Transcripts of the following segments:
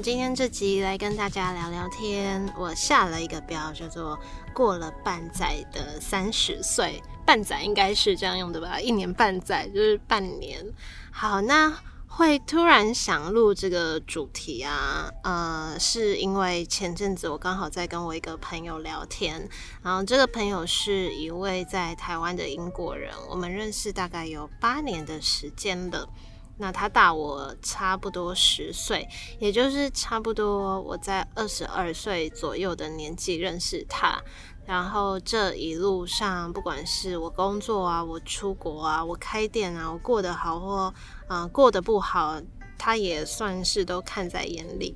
今天這集來跟大家聊聊天，我下了一個標叫做“過了半載的三十歲”，半載應該是這樣用的吧？一年半載就是半年。好，那會突然想錄這個主題啊，呃，是因為前陣子我剛好在跟我一個朋友聊天，然後這個朋友是一位在台灣的英國人，我們認識大概有八年的時間了。那他大我差不多十歲，也就是差不多我在二十二歲左右的年紀認識他。然後這一路上，不管是我工作啊、我出國啊、我開店啊、我過得好或啊、呃、過得不好，他也算是都看在眼裡。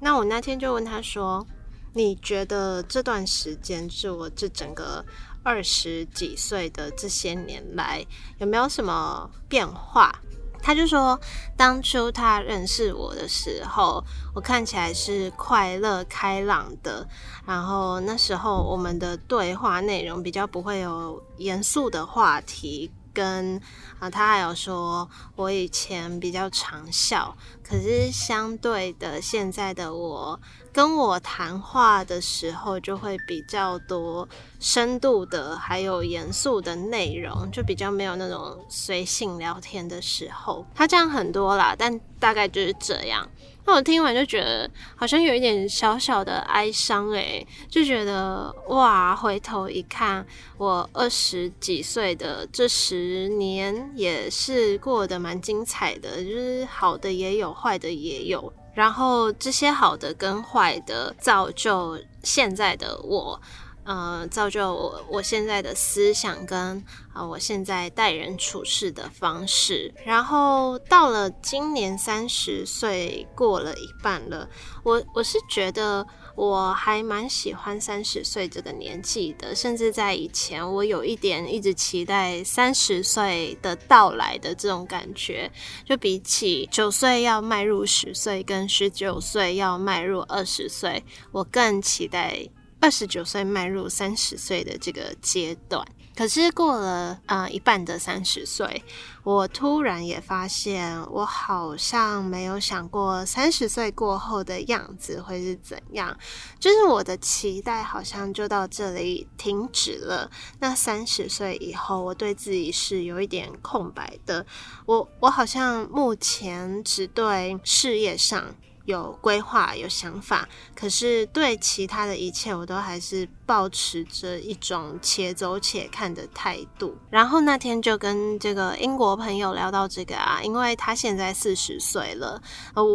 那我那天就問他說：“你覺得這段時間是我這整個二十幾歲的這些年來有沒有什麼變化？”他就說，當初他認識我的時候，我看起來是快樂開朗的，然後那時候我們的對話內容比較不會有嚴肅的話題。跟啊，他還有說我以前比較常笑，可是相對的，現在的我。跟我談話的時候，就會比較多深度的，還有嚴肅的內容，就比較沒有那種隨性聊天的時候。他這樣很多啦，但大概就是這樣。那我聽完就覺得，好像有一點小小的哀傷誒，就覺得哇，回頭一看，我二十幾歲的這十年也是過得蠻精彩的，就是好的也有，壞的也有。然後這些好的跟壞的造就現在的我，呃，造就我我現在的思想跟啊，我現在待人處事的方式。然後到了今年三十歲，過了一半了，我我是覺得。我還蠻喜歡三十歲這個年紀的，甚至在以前，我有一點一直期待三十歲的到來的這種感覺。就比起九歲要邁入十歲，跟十九歲要邁入二十歲，我更期待二十九歲邁入三十歲的這個階段。可是過了呃一半的三十歲，我突然也發現，我好像沒有想過三十歲過後的樣子會是怎樣，就是我的期待好像就到這裡停止了。那三十歲以後，我對自己是有一點空白的。我我好像目前只對事業上有規劃、有想法，可是對其他的一切，我都還是保持着一種且走且看的態度，然後那天就跟這個英國朋友聊到這個啊，因為他現在四十歲了，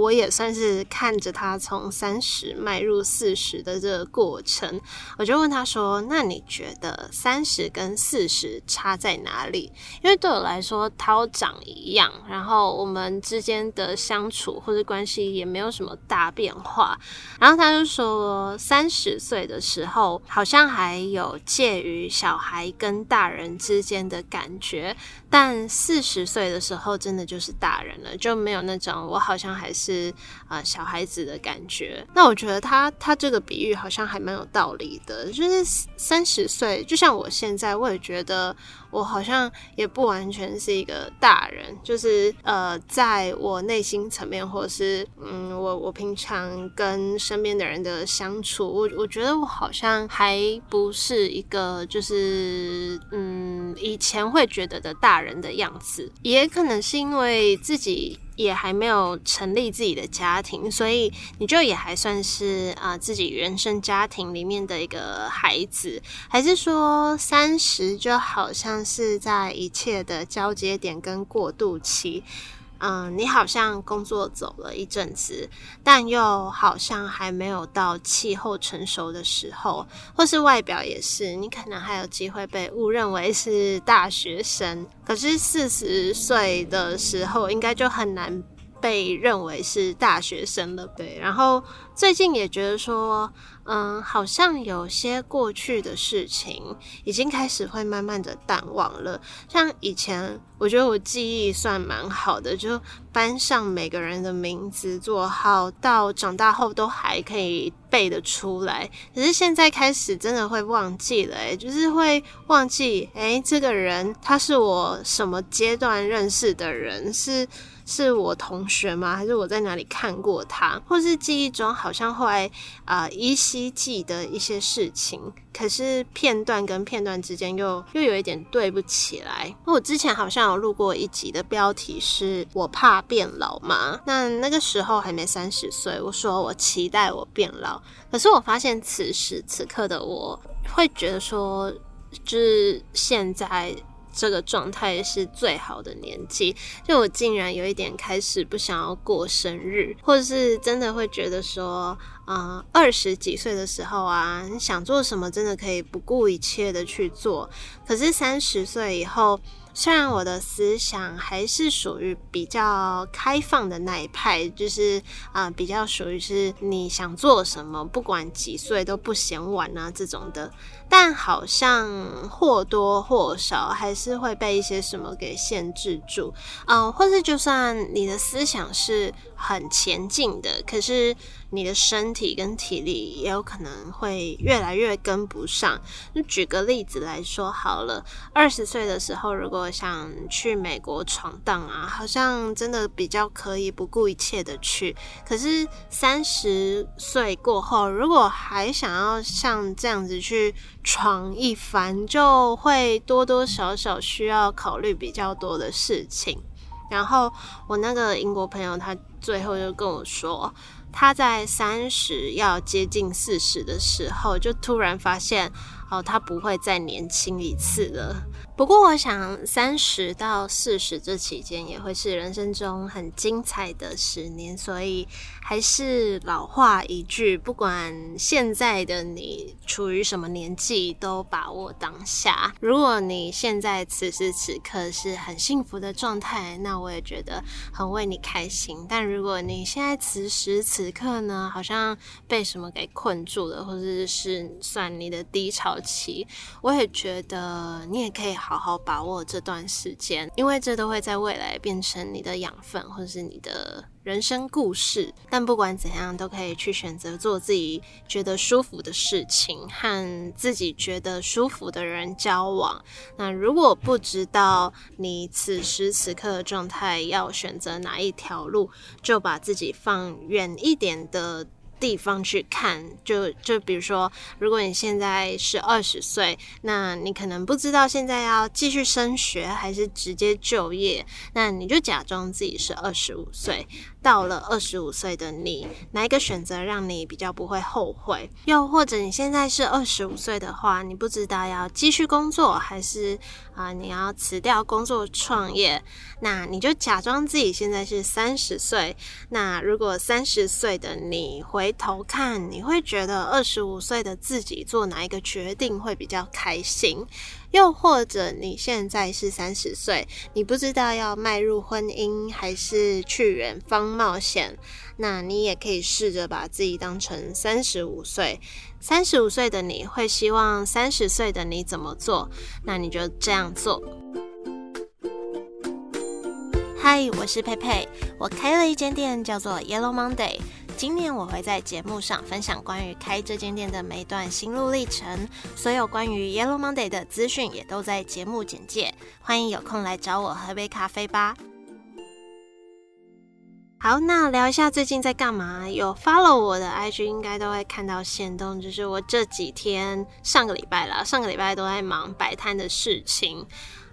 我也算是看着他從三十邁入四十的這個過程，我就問他說：“那你覺得三十跟四十差在哪裡？”因為對我來說，他長一樣，然後我們之間的相處或者關係也沒有什麼大變化。然後他就說：“三十歲的時候好。”好像還有介於小孩跟大人之間的感覺。但四十歲的時候，真的就是大人了，就沒有那種我好像還是啊、呃、小孩子的感覺。那我覺得他他這個比喻，好像還蠻有道理的，就是三十歲，就像我現在，我也覺得我好像也不完全是一個大人，就是呃，在我內心層面，或者是嗯，我我平常跟身邊的人的相處，我我覺得我好像還不是一個，就是嗯。以前會覺得的大人的樣子，也可能是因為自己也還沒有成立自己的家庭，所以你就也還算是啊、呃、自己原生家庭裡面的一個孩子，還是說三十就好像是在一切的交接點跟過渡期？嗯，你好像工作走了一陣子，但又好像還沒有到氣候成熟的時候，或是外表也是，你可能還有機會被誤認為是大學生。可是四十歲的時候，應該就很難被認為是大學生了。對，然後。最近也覺得說，嗯，好像有些過去的事情已經開始會慢慢的淡忘了。像以前，我覺得我記憶算蠻好的，就班上每個人的名字、座號，到長大後都還可以背得出來。可是現在開始真的會忘記了，欸，哎，就是會忘記，哎，欸，這個人他是我什麼階段認識的人？是是我同學嗎？還是我在哪裡看過他？或是記憶中好像後來啊、呃，依稀記得一些事情，可是片段跟片段之間又又有一點對不起來。我之前好像有錄過一集的標題是“我怕變老嗎”嘛，那那個時候還沒三十歲，我說我期待我變老，可是我發現此時此刻的我會覺得說，就是現在。這個狀態是最好的年紀，就我竟然有一點開始不想要過生日，或者是真的會覺得說，嗯，二十幾歲的時候啊，你想做什麼，真的可以不顧一切的去做。可是三十歲以後。雖然我的思想還是屬於比較開放的那一派，就是啊、呃，比較屬於是你想做什麼，不管幾歲都不嫌晚啊這種的，但好像或多或少還是會被一些什麼給限制住，嗯、呃，或是就算你的思想是。很前進的，可是你的身體跟體力也有可能會越來越跟不上。就舉個例子來說好了，二十歲的時候如果想去美國闖蕩啊，好像真的比較可以不顧一切的去。可是三十歲過後，如果還想要像這樣子去闖一番，就會多多少少需要考慮比較多的事情。然後我那個英國朋友他。最後就跟我說，他在三十要接近四十的時候，就突然發現。他不會再年輕一次了。不過，我想三十到四十這期間也會是人生中很精彩的十年，所以還是老話一句，不管現在的你處於什麼年紀，都把握當下。如果你現在此時此刻是很幸福的狀態，那我也覺得很為你開心。但如果你現在此時此刻呢，好像被什麼給困住了，或者是，是算你的低潮。我也覺得你也可以好好把握這段時間，因為這都會在未來變成你的養分或是你的人生故事。但不管怎樣，都可以去選擇做自己覺得舒服的事情，和自己覺得舒服的人交往。那如果不知道你此時此刻的狀態要選擇哪一條路，就把自己放遠一點的。地方去看，就就比如說，如果你現在是二十歲，那你可能不知道現在要繼續升學還是直接就業，那你就假裝自己是二十五歲。到了二十五歲的你，哪一個選擇讓你比較不會後悔？又或者你現在是二十五歲的話，你不知道要繼續工作還是啊、呃，你要辭掉工作創業？那你就假裝自己現在是三十歲。那如果三十歲的你回頭看，你會覺得二十五歲的自己做哪一個決定會比較開心？又或者你現在是三十歲，你不知道要邁入婚姻還是去遠方冒險，那你也可以試着把自己當成三十五歲。三十五歲的你會希望三十歲的你怎麼做？那你就這樣做。嗨，我是佩佩，我開了一間店，叫做 Yellow Monday。今年我會在節目上分享關於開這間店的每一段心路歷程，所有關於 Yellow Monday 的資訊也都在節目簡介，歡迎有空來找我喝杯咖啡吧。好，那聊一下最近在幹嘛？有 follow 我的 IG，應該都會看到限動，就是我這幾天上個禮拜了，上個禮拜都在忙擺攤的事情。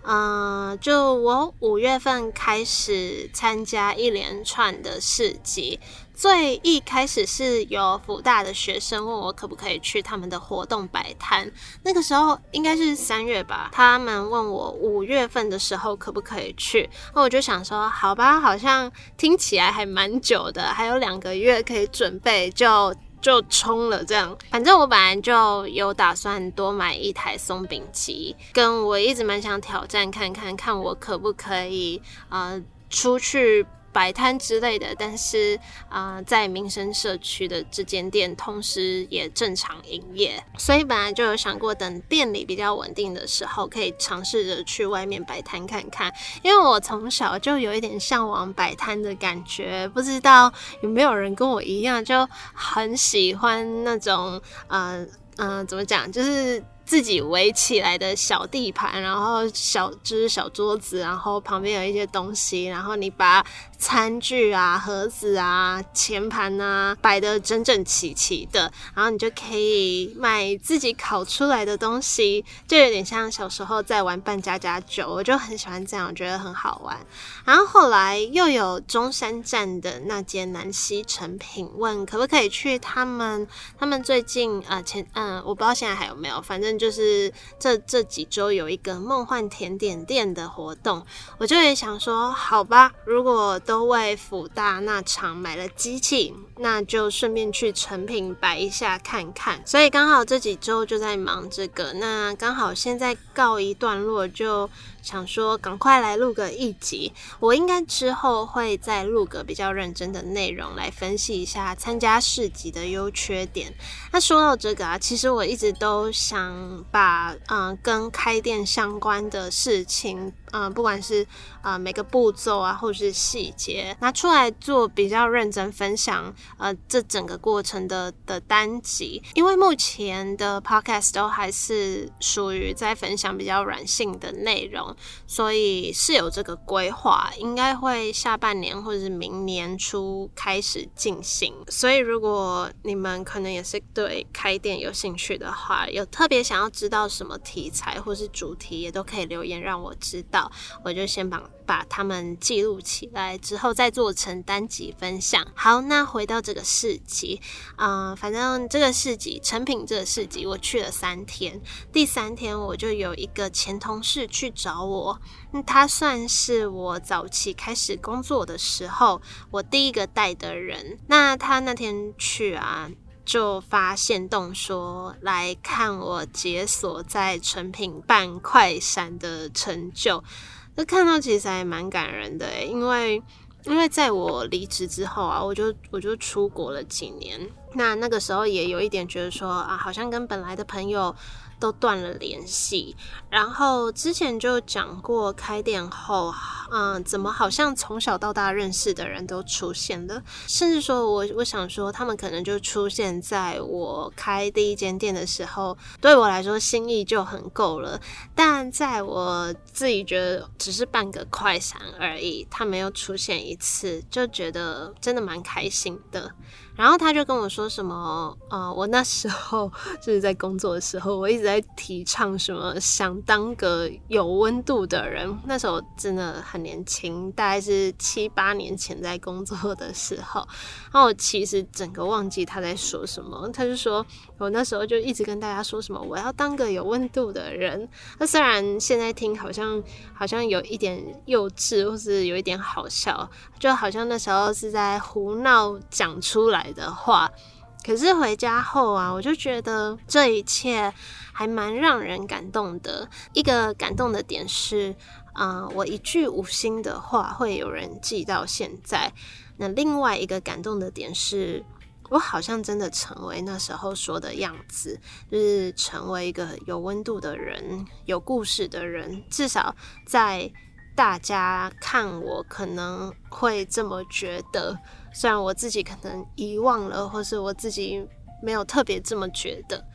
嗯，就我五月份開始參加一連串的市集。最一開始是有輔大的學生問我可不可以去他們的活動擺攤，那個時候應該是三月吧，他們問我五月份的時候可不可以去，那我就想說好吧，好像聽起來還蠻久的，還有兩個月可以準備就，就就衝了這樣。反正我本來就有打算多買一台鬆餅機，跟我一直蠻想挑戰看看看我可不可以呃出去，擺攤之類的，但是啊、呃，在民生社區的這間店，同時也正常營業，所以本來就有想過，等店裡比較穩定的時候，可以嘗試着去外面擺攤看看。因為我從小就有一點嚮往擺攤的感覺，不知道有沒有人跟我一樣，就很喜歡那種，嗯、呃、嗯、呃，怎麼講，就是自己圍起來的小地盤，然後小只、就是、小桌子，然後旁邊有一些東西，然後你把。餐具啊、盒子啊、前盤啊，擺得整整齊齊的，然後你就可以買自己烤出來的東西，就有點像小時候在玩扮家家酒，我就很喜歡這樣，我覺得很好玩。然後後來又有中山站的那間南西誠品，問可不可以去他們，他們最近呃前呃我不知道現在還有沒有，反正就是這這幾周有一個夢幻甜點店的活動，我就也想說好吧，如果都。都為福大那場買了機器，那就順便去誠品擺一下看看。所以剛好這幾周就在忙這個，那剛好現在告一段落就。想說趕快來錄個一集，我應該之後會再錄個比較認真的內容來分析一下參加市集的優缺點。那說到這個啊，其實我一直都想把嗯、呃、跟開店相關的事情，嗯、呃、不管是啊、呃、每個步驟啊或是細節拿出來做比較認真分享，呃這整個過程的的單集，因為目前的 podcast 都還是屬於在分享比較軟性的內容。所以是有這個規劃，應該會下半年或者是明年初開始進行。所以，如果你們可能也是對開店有興趣的話，有特別想要知道什麼題材或是主題，也都可以留言讓我知道。我就先把。把他們記錄起來之後，再做成單集分享。好，那回到這個市集，啊、呃，反正這個市集誠品這個市集，我去了三天。第三天我就有一個前同事去找我，嗯、他算是我早期開始工作的時候，我第一個帶的人。那他那天去啊，就發限動說，來看我解鎖在誠品辦快閃的成就。那看到其實還蠻感人的誒，因為因為在我離職之後啊，我就我就出國了幾年，那那個時候也有一點覺得說啊，好像跟本來的朋友。都斷了聯繫，然後之前就講過開店後，嗯，怎麼好像從小到大認識的人都出現了，甚至說我我想說他們可能就出現在我開第一間店的時候，對我來說心意就很夠了，但在我自己覺得只是半個快閃而已，他們又出現一次，就覺得真的蠻開心的。然後他就跟我說什麼，呃，我那時候就是在工作的時候，我一直在提倡什麼，想當個有溫度的人。那時候真的很年輕，大概是七八年前在工作的時候。然後我其實整個忘記他在說什麼，他就說。我那時候就一直跟大家說什麼，我要當個有溫度的人。那雖然現在聽好像好像有一點幼稚，或是有一點好笑，就好像那時候是在胡鬧講出來的話。可是回家後啊，我就覺得這一切還蠻讓人感動的。一個感動的點是，啊、呃，我一句無心的話會有人記到現在。那另外一個感動的點是。我好像真的成為那時候說的樣子，就是成為一個有溫度的人，有故事的人。至少在大家看我，可能會這麼覺得。雖然我自己可能遺忘了，或是我自己沒有特別這麼覺得。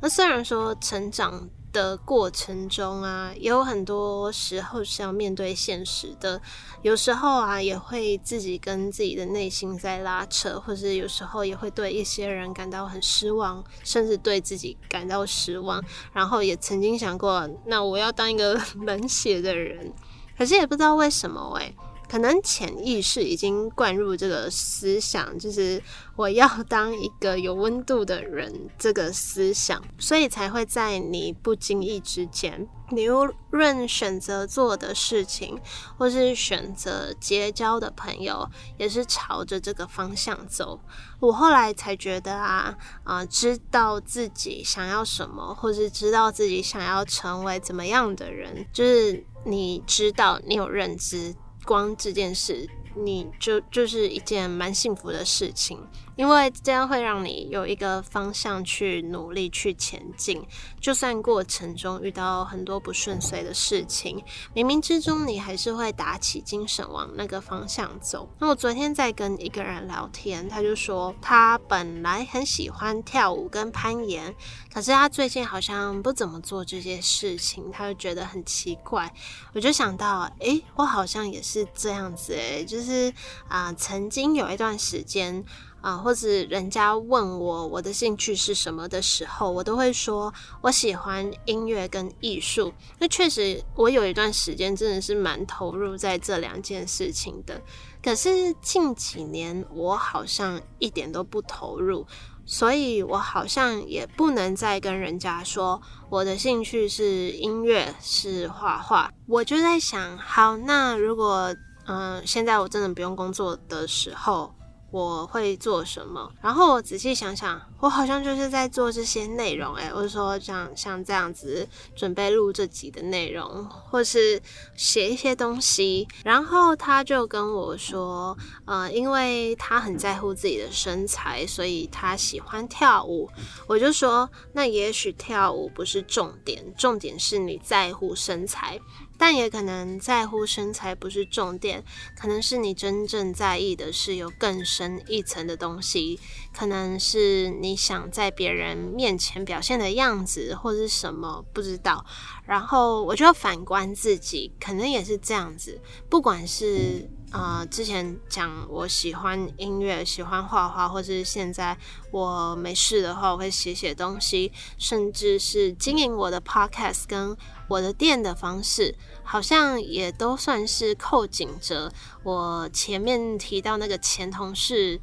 那雖然說成長的過程中啊，有很多時候是要面對現實的。有時候啊，也會自己跟自己的內心在拉扯，或者有時候也會對一些人感到很失望，甚至對自己感到失望。然後也曾經想過，那我要當一個冷 血的人，可是也不知道為什麼哎、欸。可能潛意識已經灌入這個思想，就是我要當一個有溫度的人，這個思想，所以才會在你不經意之間，你無論選擇做的事情，或是選擇結交的朋友，也是朝着這個方向走。我後來才覺得啊啊、呃，知道自己想要什麼，或是知道自己想要成為怎麼樣的人，就是你知道，你有認知。光這件事，你就就是一件蠻幸福的事情，因為這樣會讓你有一個方向去努力去前進。就算過程中遇到很多不順遂的事情，冥冥之中你還是會打起精神往那個方向走。那我昨天在跟一個人聊天，他就說他本來很喜歡跳舞跟攀岩。可是他最近好像不怎麼做這些事情，他就覺得很奇怪。我就想到，誒、欸，我好像也是這樣子誒、欸，就是啊、呃，曾經有一段時間啊、呃，或者人家問我我的興趣是什麼的時候，我都會說我喜歡音樂跟藝術。那確實，我有一段時間真的是蠻投入在這兩件事情的。可是近幾年，我好像一點都不投入。所以我好像也不能再跟人家說我的興趣是音樂，是畫畫。我就在想，好，那如果嗯，現在我真的不用工作的時候，我會做什麼？然後我仔細想想，我好像就是在做這些內容，欸，誒，我說像像這樣子準備錄這集的內容，或是寫一些東西。然後他就跟我說，呃，因為他很在乎自己的身材，所以他喜歡跳舞。我就說，那也許跳舞不是重點，重點是你在乎身材。但也可能在乎身材不是重點，可能是你真正在意的是有更深一層的東西，可能是你想在別人面前表現的樣子，或是什麼不知道。然後我覺得反觀自己，可能也是這樣子，不管是。呃，之前講我喜歡音樂、喜歡畫畫，或是現在我沒事的話，我會寫寫東西，甚至是經營我的 podcast 跟我的店的方式，好像也都算是扣緊着我前面提到那個前同事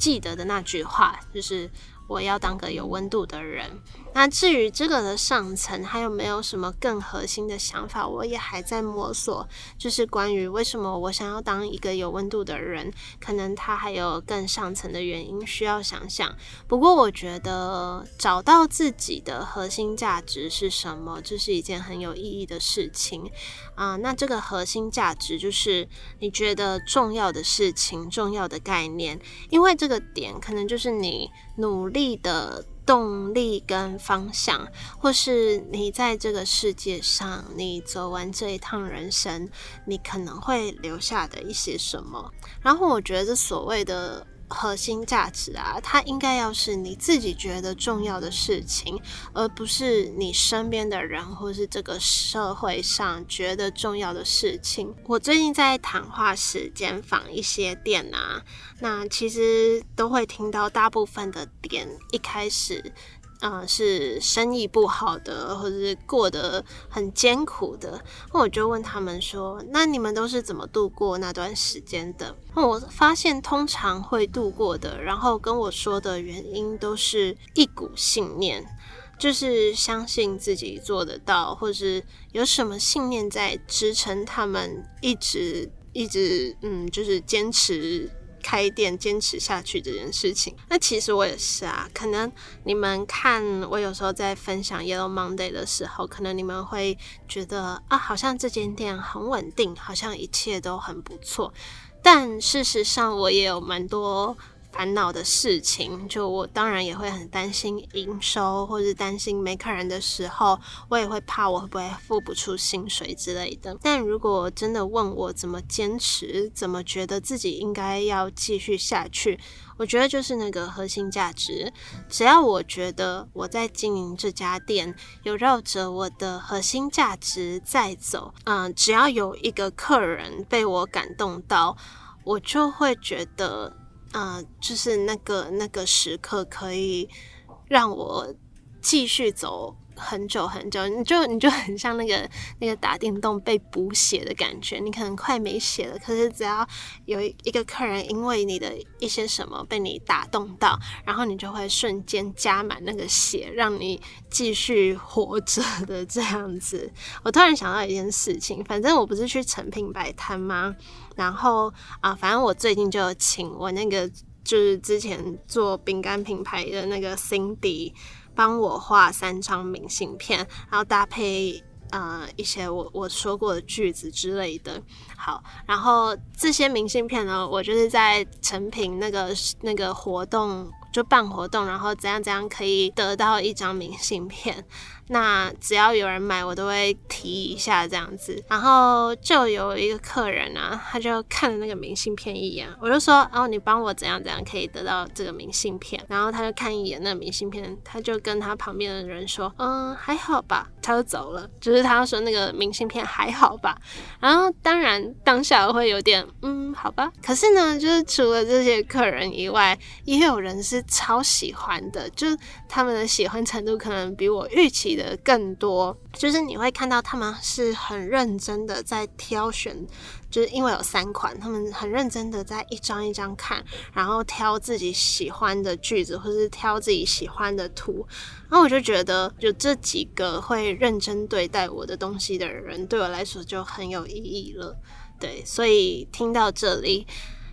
記得的那句話，就是我要當個有溫度的人。那至於這個的上層，還有沒有什麼更核心的想法？我也還在摸索，就是關於為什麼我想要當一個有溫度的人，可能他還有更上層的原因需要想想。不過我覺得找到自己的核心價值是什麼，這、就是一件很有意義的事情啊、呃。那這個核心價值就是你覺得重要的事情、重要的概念，因為這個點可能就是你努力的。動力跟方向，或是你在這個世界上，你走完這一趟人生，你可能會留下的一些什麼。然後我覺得所謂的。核心價值啊，它應該要是你自己覺得重要的事情，而不是你身邊的人或是這個社會上覺得重要的事情。我最近在談話食間訪一些店啊，那其實都會聽到大部分的店，一開始。啊、呃，是生意不好的，或者是過得很艱苦的，那我就問他們說：“那你們都是怎麼度過那段時間的？”我發現通常會度過的，然後跟我說的原因都是一股信念，就是相信自己做得到，或是有什麼信念在支撐他們一直一直，嗯，就是堅持。開店堅持下去這件事情，那其實我也是啊。可能你們看我有時候在分享 Yellow Monday 的時候，可能你們會覺得啊，好像這間店很穩定，好像一切都很不錯。但事實上，我也有蠻多煩惱的事情，就我當然也會很擔心營收，或者擔心沒客人的時候，我也會怕我會不會付不出薪水之類的。但如果真的問我怎麼堅持，怎麼覺得自己應該要繼續下去，我覺得就是那個核心價值。只要我覺得我在經營這家店，有繞着我的核心價值在走，嗯，只要有一個客人被我感動到，我就會覺得。嗯、呃，就是那個那個時刻，可以讓我繼續走。很久很久，你就你就很像那個那個打電動被補血的感覺，你可能快沒血了，可是只要有一一個客人因為你的一些什麼被你打動到，然後你就會瞬間加滿那個血，讓你繼續活着的這樣子。我突然想到一件事情，反正我不是去誠品擺攤嗎？然後啊，反正我最近就有請我那個就是之前做餅乾品牌的那個 Cindy。幫我畫三張明信片，然後搭配呃一些我我說過的句子之類的。好，然後這些明信片呢，我就是在誠品那個那個活動。就辦活動，然後怎樣怎樣可以得到一張明信片。那只要有人買，我都會提一下這樣子。然後就有一個客人啊，他就看了那個明信片一眼，我就說：“哦，你幫我怎樣怎樣可以得到這個明信片？”然後他就看一眼那個明信片，他就跟他旁邊的人說：“嗯，還好吧。”他就走了。就是他說那個明信片還好吧。然後當然當下會有點嗯好吧，可是呢，就是除了這些客人以外，也有人是。超喜歡的，就是他們的喜歡程度可能比我預期的更多。就是你會看到他們是很認真的在挑選，就是因為有三款，他們很認真的在一張一張看，然後挑自己喜歡的句子，或是挑自己喜歡的圖。然後我就覺得，就這幾個會認真對待我的東西的人，對我來說就很有意義了。對，所以聽到這裡。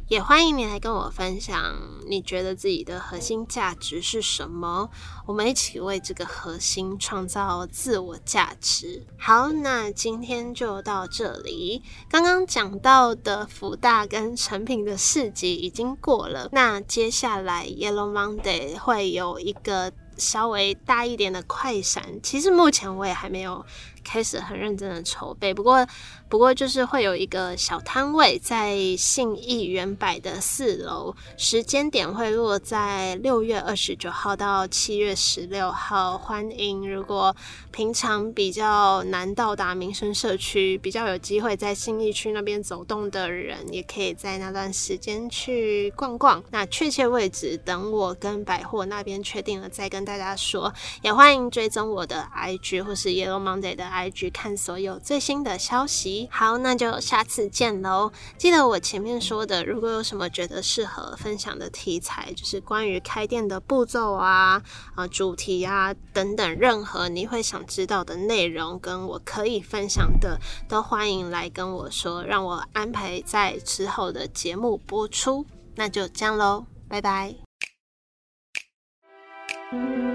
也歡迎你來跟我分享，你覺得自己的核心價值是什麼？我們一起為這個核心創造自我價值。好，那今天就到這裡。剛剛講到的福大跟誠品的市集已經過了，那接下來 Yellow Monday 會有一個稍微大一點的快閃。其實目前我也還沒有。開始很認真的籌備，不過不過就是會有一個小攤位在信義遠百的四樓，時間點會落在六月二十九號到七月十六號，歡迎如果平常比較難到達民生社區，比較有機會在信義區那邊走動的人，也可以在那段時間去逛逛。那確切位置等我跟百貨那邊確定了再跟大家說，也歡迎追蹤我的 IG 或是 Yellow Monday 的。來看所有最新的消息。好，那就下次見嘍！記得我前面說的，如果有什麼覺得適合分享的題材，就是關於開店的步驟啊、啊主題啊等等，任何你會想知道的內容，跟我可以分享的，都歡迎來跟我說，讓我安排在之後的節目播出。那就這樣嘍，拜拜。